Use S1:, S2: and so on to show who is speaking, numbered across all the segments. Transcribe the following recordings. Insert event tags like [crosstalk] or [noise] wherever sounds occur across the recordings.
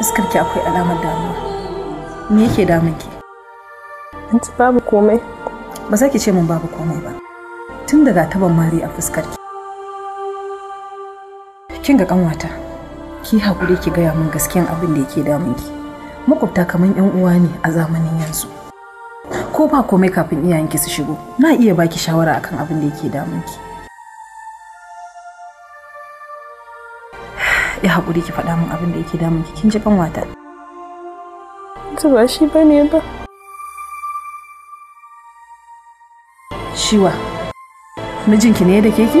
S1: iskar ki akwai alamar damuwa me yake damun ki anti babu komai ba za ki ce min babu komai ba tun daga taban mari a fuskar ki kin ga kanwata ki hakuri ki gaya min gaskiyan abin da yake damun ki makwabta kamar yan uwa ne a zamanin yanzu ko ba komai kafin iyayenki su shigo na iya baki shawara akan abin da yake damun ki ya haƙuri ki faɗa min abin da yake damun ki kin ji kan wata ba shi bane ba shiwa mijinki ne da keke [laughs]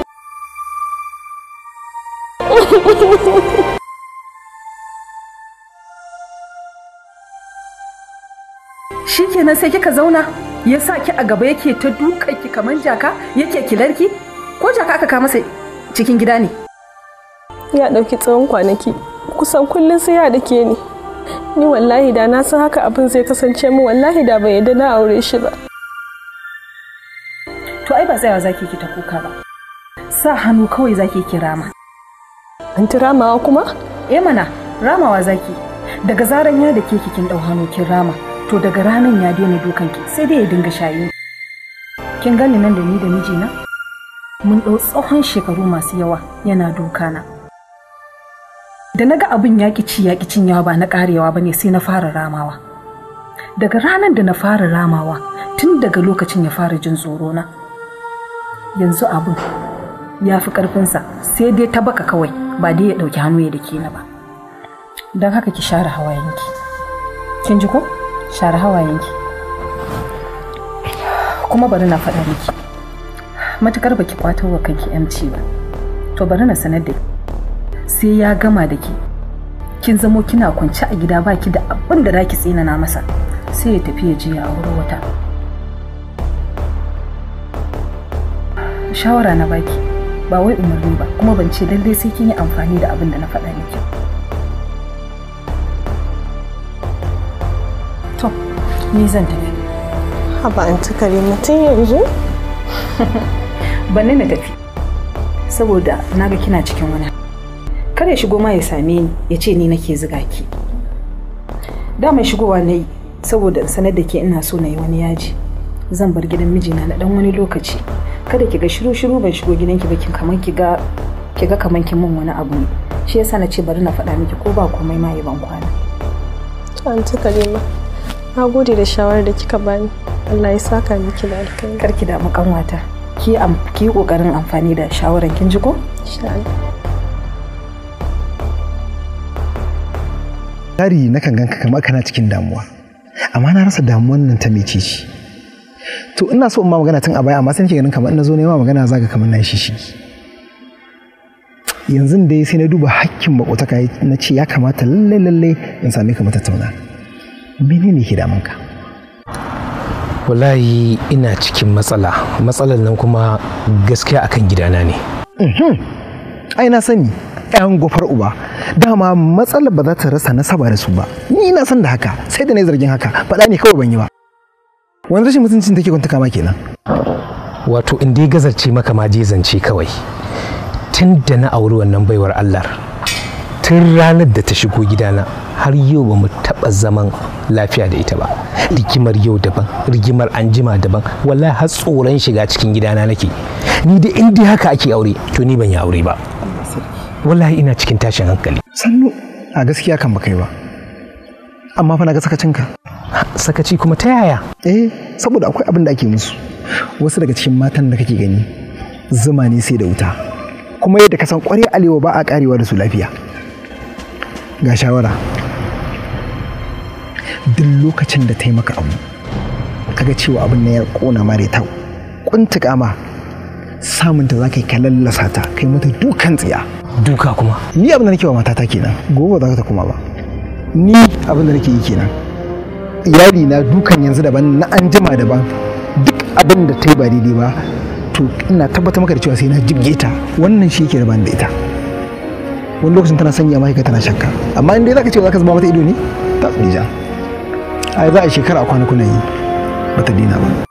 S1: shi kenan sai kika zauna ya sa ki a gaba yake ta duka ki kamar jaka yake kilarki ko jaka aka kama masa cikin gida ne ya ɗauki tsawon kwanaki kusan kullum sai ya dake ni ni wallahi da na san haka abin zai kasance mu wallahi da bai yadda na aure shi ba to ai ba tsayawa zaki ki ta kuka ba sa hannu kawai zaki ki rama an ti ramawa kuma eh mana ramawa zaki daga zaran ya da ke kin dau hannu kin rama to daga ranan ya daina dukan ki sai dai ya dinga shayi kin gani nan da ni da mijina mun dau tsohon shekaru masu yawa yana dukana da na ga abin yaƙi ci yaƙi cinyawa ba na ƙarewa ba ne sai na fara ramawa daga ranar da na fara ramawa tun daga lokacin ya fara jin tsoro na yanzu abin ya fi ƙarfinsa sai dai ta baka kawai ba dai ya ɗauki hannu ya dake na ba don haka ki share hawayenki kin ji ko share hawayenki kuma bari na faɗa miki matukar baki kwato wa kanki 'yanci ba to bari na sanar da ki sai ya gama da ke kin zamo kina kwance a gida baki da abin da zaki tsinana masa sai ya tafi ya je ya auri wata shawara na baki ba wai umarni ba kuma ban ce daidai sai kin yi amfani da abin da na faɗa miki to ni zan tafi haba an ci kare mutum yanzu [laughs] ban na tafi saboda naga kina cikin wani kada ya shigo ma ya same ni ya ce ni nake ziga ki da mai shigowa na yi saboda sanar da ke ina so na yi wani yaji zan bar gidan mijina na dan wani lokaci kada ki ga shiru shiru ban shigo ki ba kin kaman ki ga ki ga kaman kin mun wani abu shi yasa na ce bari na faɗa miki ko ba komai ma yi ban kwana kare ma na gode da shawarar da kika bani Allah ya saka miki da alkhairi karki da mu kanwata ki ki kokarin amfani da shawaran kin ji ko insha Allah
S2: tari na kan ganka kamar kana cikin damuwa amma na rasa damuwan nan ta mece ce to ina so in ma magana tun a baya amma sai nake ganin kamar ina zo nema magana zaga kamar na shi yanzu dai sai na duba hakkin makotaka na ce ya kamata lalle lalle in same ka mene menene ke damun ka wallahi ina cikin matsala matsalar nan kuma gaskiya akan gidana ne uhm. ai na sani 'yan gofar uba dama matsalar ba za ta rasa nasaba da su ba ni na san da haka sai da na zargin haka faɗa ne kawai ban yi ba wani rashin mutuncin take kwanta kama kenan
S3: wato in dai gazarce maka ma je zance kawai tun da na auri wannan baiwar Allah tun ranar da ta shigo gidana har yau ba mu taɓa zaman lafiya da ita ba rigimar yau daban rigimar anjima daban wallahi har tsoron shiga cikin gidana nake ni da in dai haka ake aure to ni
S2: ban yi aure ba wallahi ina cikin tashin hankali sannu a gaskiya kan baka yi ba amma fa na ga sakacinka sakaci kuma ta yaya eh saboda akwai abin da ake musu wasu daga cikin matan da kake gani zuma ne sai da wuta kuma yadda ka san kwarai alewa ba a karewa da su lafiya ga shawara duk lokacin da taimaka yi maka abu kaga cewa abin na ya kona mare ta kuntuka ma samun ta zaka ka lallasa ta kai mata dukan tsiya duka kuma ni abin da nake wa matata kenan gobe za ta kuma ba ni abin da nake yi kenan iyali na dukan yanzu daban na an jima daban duk abin da ta yi ba daidai ba to ina tabbatar maka da cewa sai na jibge ta wannan shi yake rabani da ita wani lokacin tana sanya ma tana shakka amma in dai ka ce zaka zama mata ido ne ta tsirija. ai za a shekara a kwanakunan yi bata dina ba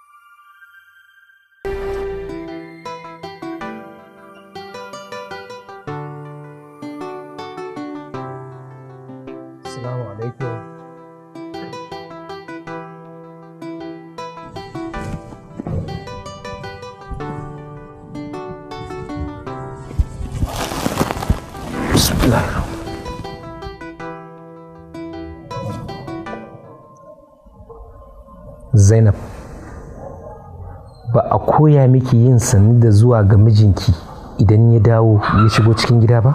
S3: Zainab ba a koya miki yin sannu da zuwa ga mijinki idan ya dawo ya shigo cikin gida ba?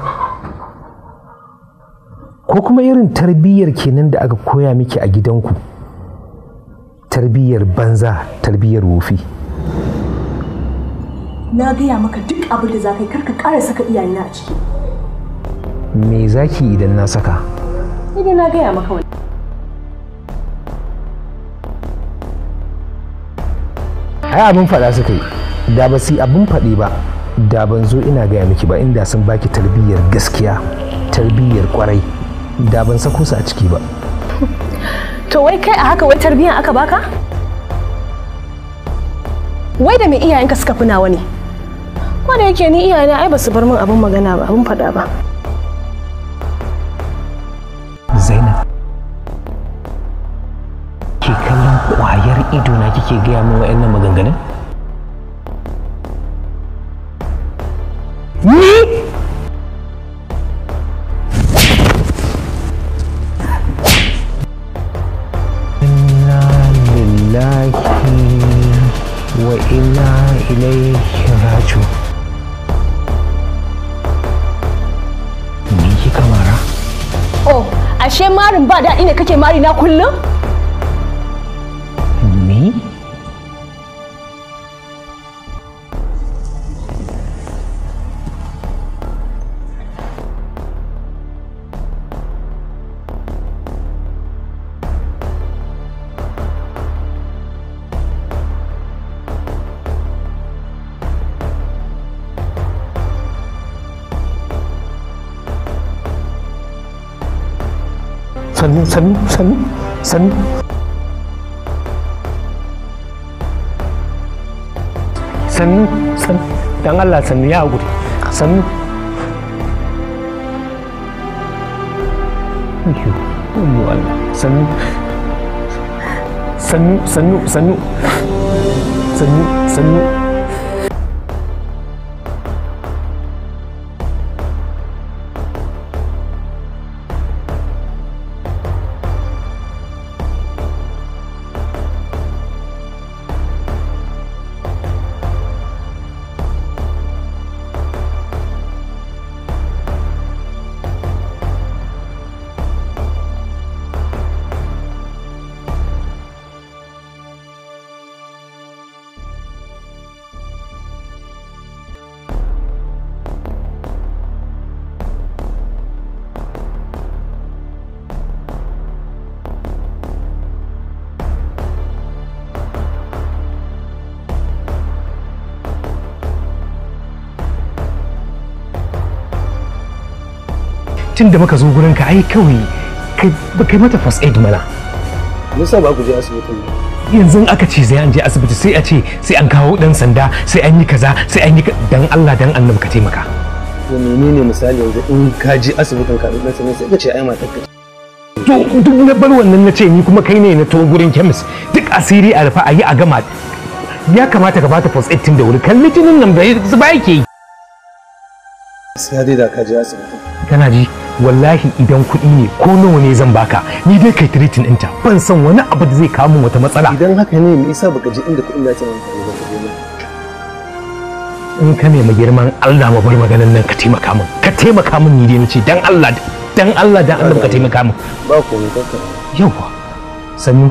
S3: Ko kuma irin tarbiyyar kenan da aka koya miki a gidanku tarbiyyar banza tarbiyyar wofi.
S1: Na gaya maka duk abin da za ka yi karka ƙara saka iyayena a ciki.
S3: me zaki idan na saka
S1: idan na gaya maka wani
S3: ai abin faɗa suka yi da ba su abin faɗi ba da ban zo ina gaya miki ba inda sun baki tarbiyyar gaskiya tarbiyyar kwarai da ban sako su a ciki ba
S1: [laughs] to wai kai a haka wai tarbiyyar aka baka wai da me iyayenka suka fi nawa ne ko da yake ni iyayena ai ba su bar min abin magana ba abin faɗa ba
S3: kike gaya min wa'annan maganganun? Ni? Inna lillahi wa inna ilaihi raji'un.
S1: Ni kika mara? Oh, ashe marin ba daɗi ne kake mari na kullum?
S3: sannu sannu sannu sannu sannu sannu dan Allah sannu ya sannu sannu sannu sannu sannu sannu sannu tun da muka zo gurin ka ai kawai kai mata first aid mana yasa ba ku je asibitin yanzu aka ce sai an je asibiti sai a ce sai an kawo dan sanda sai an yi kaza sai an yi dan Allah dan annabi ka taimaka to menene misali yanzu in ka je asibitin ka dan sanda sai ka ce ai matar ka to duk na bar wannan na ce ni kuma kai ne na to gurin chemist duk asiri a rufa a yi a gama ya kamata ka bata first aid tun da wuri kalli litinin nan bai zuba yake yi sai dai da ka je asibitin kana ji wallahi idan kuɗi ne ko nawa ne zan baka ni dai kai tiritin ɗinta ban san wani abu da zai kawo min wata matsala idan haka ne me yasa baka je inda kuɗin na ce in ka nemi girman Allah ma bar maganar nan ka taimaka min ka taimaka min ni dai nace dan Allah dan Allah dan Allah ka taimaka min ba komai ka yawa sannu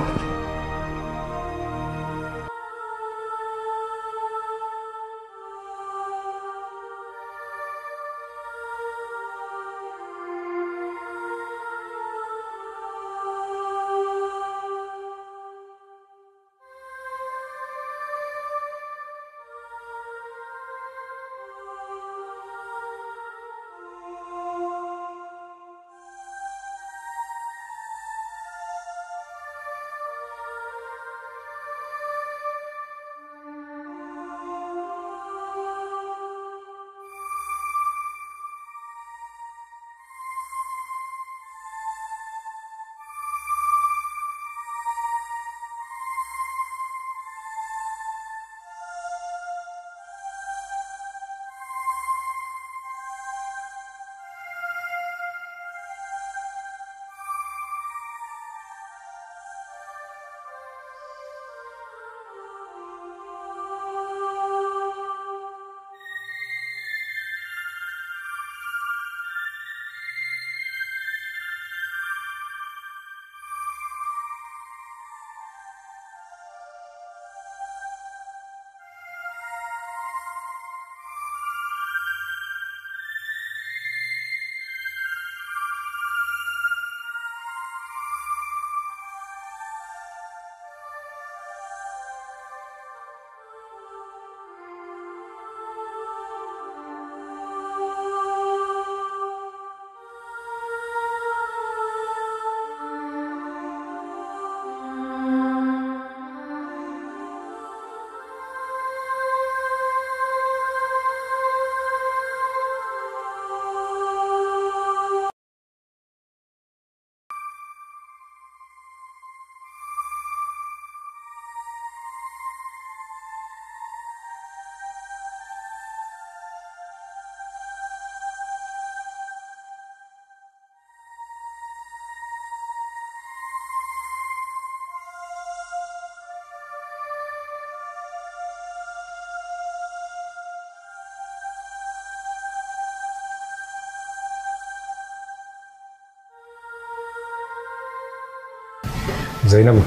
S3: زينب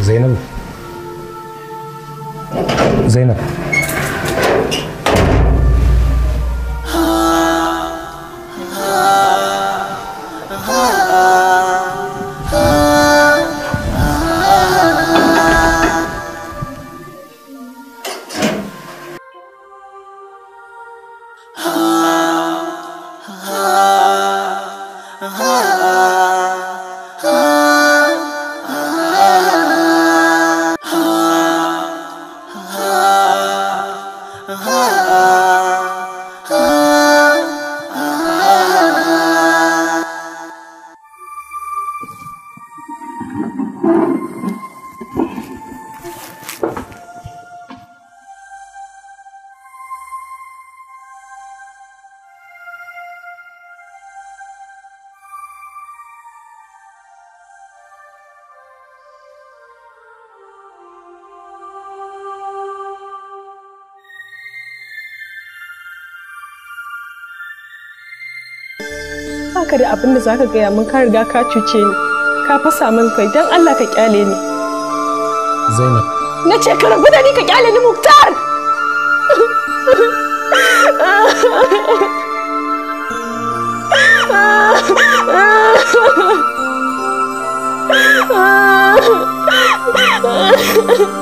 S3: زينب زينب
S1: baka da abin da za ka gaya mun ka riga ka cuce ni ka fasa min kai don Allah ka kyale ni Zainab na ce ka rabu ni ka kyale ni Muktar Ah [laughs]